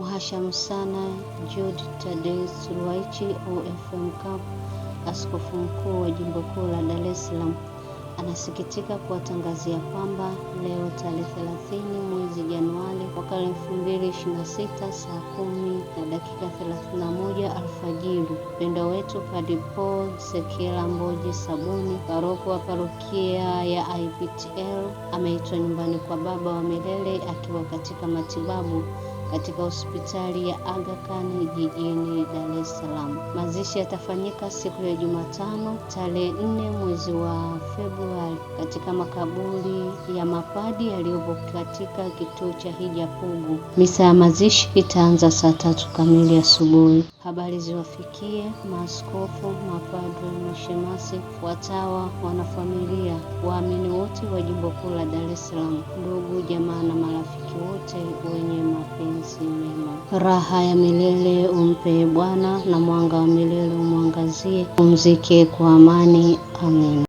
Mhashamu sana Jude Tadei Sulwaichi OFM Cap, askofu mkuu wa jimbo kuu la Dar es Salaam anasikitika kuwatangazia kwamba leo tarehe 30 mwezi Januari mwaka 2026 saa kumi na dakika 31 alfajiri, mpendwa wetu Padre Paul Sekela Mboji Sabuni, paroko wa parokia ya IPTL, ameitwa nyumbani kwa Baba wa milele akiwa katika matibabu katika hospitali ya Aga Khan jijini Dar es Salaam. Mazishi yatafanyika siku ya Jumatano tarehe nne mwezi wa Februari katika makaburi ya mapadi yaliyopo katika kituo cha Hija Pugu. Misa ya mazishi itaanza saa tatu kamili asubuhi. Habari ziwafikie maaskofu, mapadri, mashemasi, watawa, wanafamilia, waamini wote wa jimbo kuu la Dar es Salaam, ndugu jamaa na marafiki wote wenye nafsi mema. Raha ya milele umpe Bwana, na mwanga wa milele umwangazie. umzike kwa amani. Amen.